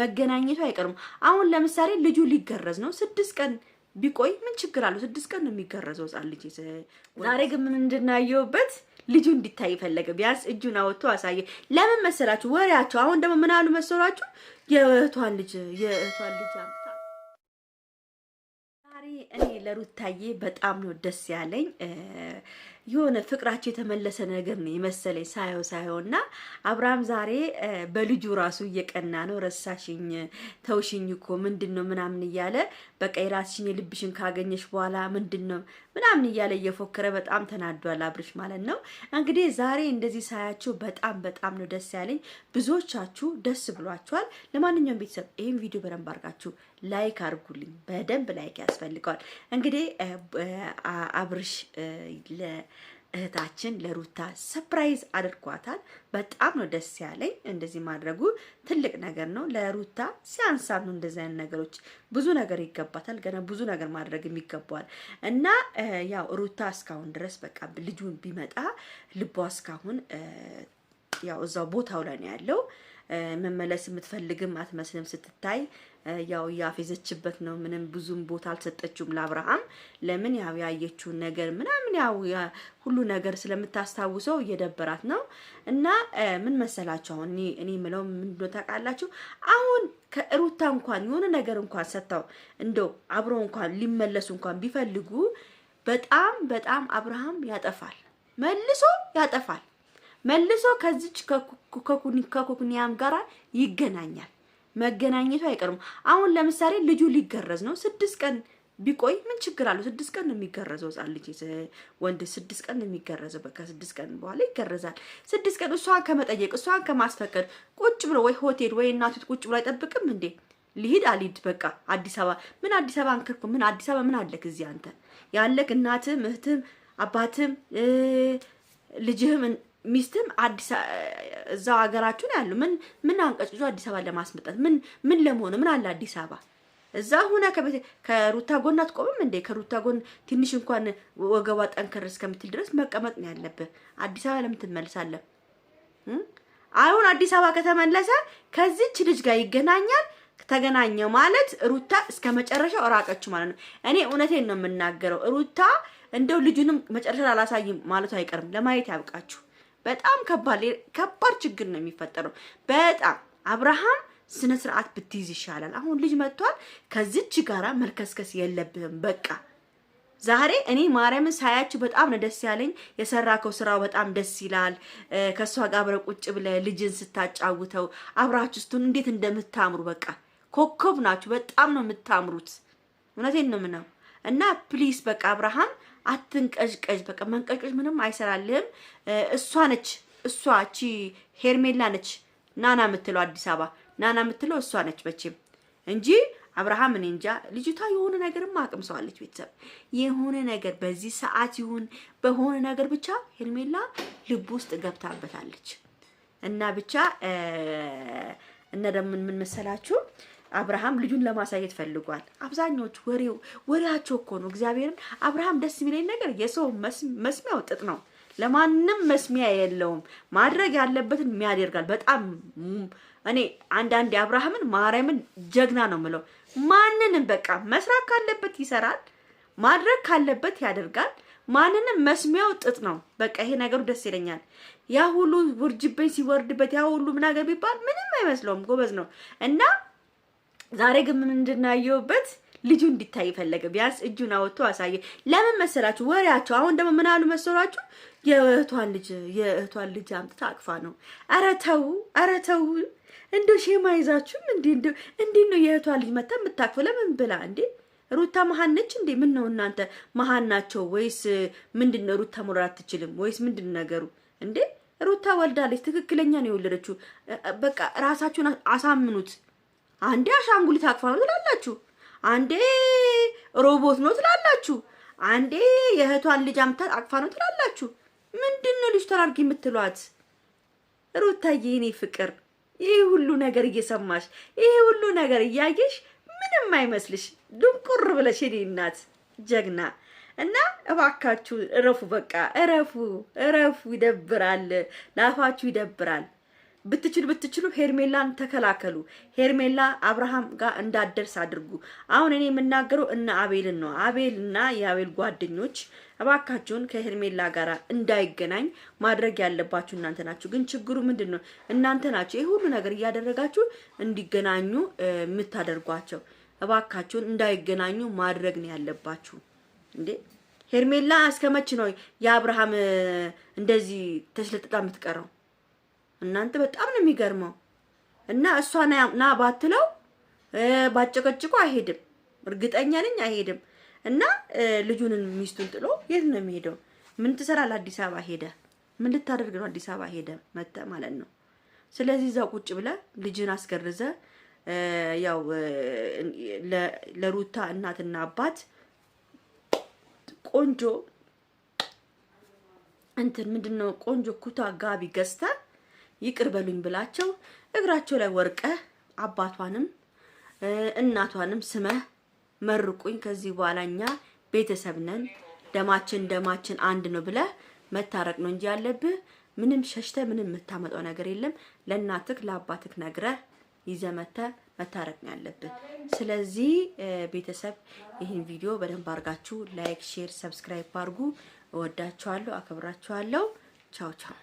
መገናኘቱ አይቀርም። አሁን ለምሳሌ ልጁ ሊገረዝ ነው። ስድስት ቀን ቢቆይ ምን ችግር አለው? ስድስት ቀን ነው የሚገረዘው ህጻን ልጅ። ዛሬ ግን ምን እንድናየውበት ልጁ እንዲታይ ፈለገ። ቢያንስ እጁን አወጥቶ አሳየ። ለምን መሰላችሁ? ወሬያቸው አሁን ደግሞ ምን አሉ መሰላችሁ? የእህቷን ልጅ የእህቷን ልጅ ዛሬ እኔ ለሩታዬ በጣም ነው ደስ ያለኝ። የሆነ ፍቅራቸው የተመለሰ ነገር ነው የመሰለኝ ሳየው ሳየው እና አብርሃም ዛሬ በልጁ ራሱ እየቀና ነው። ረሳሽኝ፣ ተውሽኝ እኮ ምንድን ነው ምናምን እያለ በቃ የራስሽን የልብሽን ካገኘሽ በኋላ ምንድን ነው ምናምን እያለ እየፎከረ በጣም ተናዷል አብርሽ ማለት ነው። እንግዲህ ዛሬ እንደዚህ ሳያቸው በጣም በጣም ነው ደስ ያለኝ። ብዙዎቻችሁ ደስ ብሏችኋል። ለማንኛውም ቤተሰብ ይህን ቪዲዮ በደንብ አድርጋችሁ ላይክ አድርጉልኝ። በደንብ ላይክ ያስፈልገዋል። እንግዲህ አብርሽ ለእህታችን ለሩታ ሰፕራይዝ አድርጓታል። በጣም ነው ደስ ያለኝ። እንደዚህ ማድረጉ ትልቅ ነገር ነው። ለሩታ ሲያንሳ ነው እንደዚህ አይነት ነገሮች። ብዙ ነገር ይገባታል። ገና ብዙ ነገር ማድረግ ይገባዋል እና ያው ሩታ እስካሁን ድረስ በቃ ልጁን ቢመጣ ልቧ እስካሁን ያው እዛው ቦታው ላይ ነው ያለው። መመለስ የምትፈልግም አትመስልም ስትታይ። ያው ያፌዘችበት ነው። ምንም ብዙም ቦታ አልሰጠችውም ለአብርሃም። ለምን ያው ያየችውን ነገር ምናምን ያው ሁሉ ነገር ስለምታስታውሰው እየደበራት ነው። እና ምን መሰላችሁ አሁን እኔ እኔ የምለው ምንድነው ታውቃላችሁ፣ አሁን ከሩታ እንኳን የሆነ ነገር እንኳን ሰጥተው እንደው አብሮ እንኳን ሊመለሱ እንኳን ቢፈልጉ በጣም በጣም አብርሃም ያጠፋል፣ መልሶ ያጠፋል። መልሶ ከዚች ከኩኩኒያም ጋራ ይገናኛል። መገናኘቱ አይቀርም። አሁን ለምሳሌ ልጁ ሊገረዝ ነው። ስድስት ቀን ቢቆይ ምን ችግር አለው? ስድስት ቀን ነው የሚገረዘው ህጻን ልጅ ወንድ ስድስት ቀን ነው የሚገረዘው። በቃ ስድስት ቀን በኋላ ይገረዛል። ስድስት ቀን እሷን ከመጠየቅ እሷን ከማስፈቀድ ቁጭ ብሎ ወይ ሆቴል ወይ እናቱት ቁጭ ብሎ አይጠብቅም እንዴ? ሊሂድ አሊድ በቃ አዲስ አበባ ምን አዲስ አበባ አንከርኩ ምን አዲስ አበባ ምን አለክ እዚህ አንተ ያለክ እናትም እህትም አባትም ልጅህም ሚስትም አዲስ እዛው ሀገራችን ያሉ ምን ምን አንቀጭጆ አዲስ አበባ ለማስመጣት ምን ምን ለመሆኑ ምን አለ አዲስ አበባ እዛ ሆነ ከሩታ ጎን አትቆምም እንዴ? ከሩታ ጎን ትንሽ እንኳን ወገቧ ጠንከር እስከምትል ድረስ መቀመጥ ነው ያለብህ። አዲስ አበባ ለምን ትመልሳለህ? አሁን አዲስ አበባ ከተመለሰ ከዚች ልጅ ጋር ይገናኛል። ተገናኘ ማለት ሩታ እስከ መጨረሻው እራቀችው ማለት ነው። እኔ እውነቴን ነው የምናገረው። ሩታ እንደው ልጁንም መጨረሻ አላሳይም ማለቱ አይቀርም። ለማየት ያብቃችሁ። በጣም ከባድ ከባድ ችግር ነው የሚፈጠረው። በጣም አብርሃም ስነ ስርዓት ብትይዝ ይሻላል። አሁን ልጅ መጥቷል። ከዚች ጋራ መልከስከስ የለብህም በቃ ዛሬ እኔ ማርያምን ሳያችሁ በጣም ነው ደስ ያለኝ። የሰራከው ስራው በጣም ደስ ይላል። ከእሷ ጋር አብረህ ቁጭ ብለ ልጅን ስታጫውተው አብራችሁ ስትሆን እንዴት እንደምታምሩ በቃ ኮከብ ናችሁ። በጣም ነው የምታምሩት። እውነቴን ነው ምነው እና ፕሊስ በቃ አብርሃም አትንቀዥቀዥ። በቃ መንቀዥቀዥ ምንም አይሰራልህም። እሷ ነች እሷ ቺ ሄርሜላ ነች ናና የምትለው አዲስ አበባ ናና የምትለው እሷ ነች መቼም እንጂ አብርሃም እኔ እንጃ ልጅቷ የሆነ ነገርም አቅም ሰዋለች። ቤተሰብ የሆነ ነገር በዚህ ሰዓት ይሁን በሆነ ነገር ብቻ ሄርሜላ ልብ ውስጥ ገብታበታለች እና ብቻ እና ደግሞ ምን መሰላችሁ አብርሃም ልጁን ለማሳየት ፈልጓል። አብዛኞቹ ወሬው ወሬያቸው እኮ ነው። እግዚአብሔርን አብርሃም ደስ የሚለኝ ነገር የሰው መስሚያው ጥጥ ነው። ለማንም መስሚያ የለውም። ማድረግ ያለበትን የሚያደርጋል። በጣም እኔ አንዳንድ አብርሃምን ማርያምን ጀግና ነው ምለው። ማንንም በቃ መስራት ካለበት ይሰራል፣ ማድረግ ካለበት ያደርጋል። ማንንም መስሚያው ጥጥ ነው። በቃ ይሄ ነገሩ ደስ ይለኛል። ያ ሁሉ ውርጅብኝ ሲወርድበት ያ ሁሉ ምን ነገር ቢባል ምንም አይመስለውም። ጎበዝ ነው እና ዛሬ ግን ምን እንድናየውበት ልጁ እንዲታይ ፈለገ። ቢያንስ እጁን አወጥቶ አሳየ። ለምን መሰላችሁ? ወሬያቸው አሁን ደግሞ ምን አሉ መሰላችሁ? የእህቷን ልጅ የእህቷን ልጅ አምጥታ አቅፋ ነው። ኧረ ተው፣ ኧረ ተው እንዶ ሼማ ይዛችሁም እንዲ እንዲ ነው የእህቷን ልጅ መታ የምታቅፈው ለምን ብላ እንዴ? ሩታ መሀን ነች እንዴ? ምን ነው እናንተ መሀን ናቸው ወይስ ምንድን ነው? ሩታ መውለድ አትችልም ወይስ ምንድን ነገሩ እንዴ? ሩታ ወልዳለች። ትክክለኛ ነው የወለደችው። በቃ ራሳችሁን አሳምኑት። አንዴ አሻንጉሊት አቅፋ ነው ትላላችሁ፣ አንዴ ሮቦት ነው ትላላችሁ፣ አንዴ የእህቷን ልጅ አምታ አቅፋ ነው ትላላችሁ። ምንድን ነው ልጅቷ አድርጊ የምትሏት? ሩታዬ የኔ ፍቅር ይህ ሁሉ ነገር እየሰማሽ ይህ ሁሉ ነገር እያየሽ ምንም አይመስልሽ ድንቁር ብለሽ የኔ እናት ጀግና እና እባካችሁ እረፉ፣ በቃ እረፉ፣ እረፉ። ይደብራል፣ ላፋችሁ ይደብራል። ብትችሉ ብትችሉ ሄርሜላን ተከላከሉ። ሄርሜላ አብርሃም ጋር እንዳደርስ አድርጉ። አሁን እኔ የምናገረው እነ አቤልን ነው። አቤልና የአቤል ጓደኞች እባካችሁን ከሄርሜላ ጋር እንዳይገናኝ ማድረግ ያለባችሁ እናንተ ናችሁ። ግን ችግሩ ምንድን ነው? እናንተ ናችሁ ይህ ሁሉ ነገር እያደረጋችሁ እንዲገናኙ የምታደርጓቸው። እባካችሁን እንዳይገናኙ ማድረግ ነው ያለባችሁ እንዴ ሄርሜላ እስከመች ነው የአብርሃም እንደዚህ ተሽለጥጣ የምትቀረው? እናንተ በጣም ነው የሚገርመው። እና እሷ ና ባትለው ባጨቀጭቆ አይሄድም፣ እርግጠኛ ነኝ አይሄድም። እና ልጁንን ሚስቱን ጥሎ የት ነው የሚሄደው? ምን ትሰራል? አዲስ አበባ ሄደ ምን ልታደርግ ነው? አዲስ አበባ ሄደ መጣ ማለት ነው። ስለዚህ እዛው ቁጭ ብለ ልጅን አስገርዘ ያው ለሩታ እናትና አባት ቆንጆ እንትን ምንድነው ቆንጆ ኩታ ጋቢ ገዝተ ይቅር በሉኝ ብላቸው እግራቸው ላይ ወርቀህ አባቷንም እናቷንም ስመህ መርቁኝ፣ ከዚህ በኋላ እኛ ቤተሰብ ነን፣ ደማችን ደማችን አንድ ነው ብለህ መታረቅ ነው እንጂ ያለብህ ምንም ሸሽተ ምንም የምታመጣው ነገር የለም። ለእናትህ ለአባትህ ነግረህ ይዘመተ መታረቅ ነው ያለብን። ስለዚህ ቤተሰብ ይህን ቪዲዮ በደንብ አድርጋችሁ ላይክ፣ ሼር፣ ሰብስክራይብ አድርጉ። እወዳችኋለሁ፣ አከብራችኋለሁ። ቻው ቻው።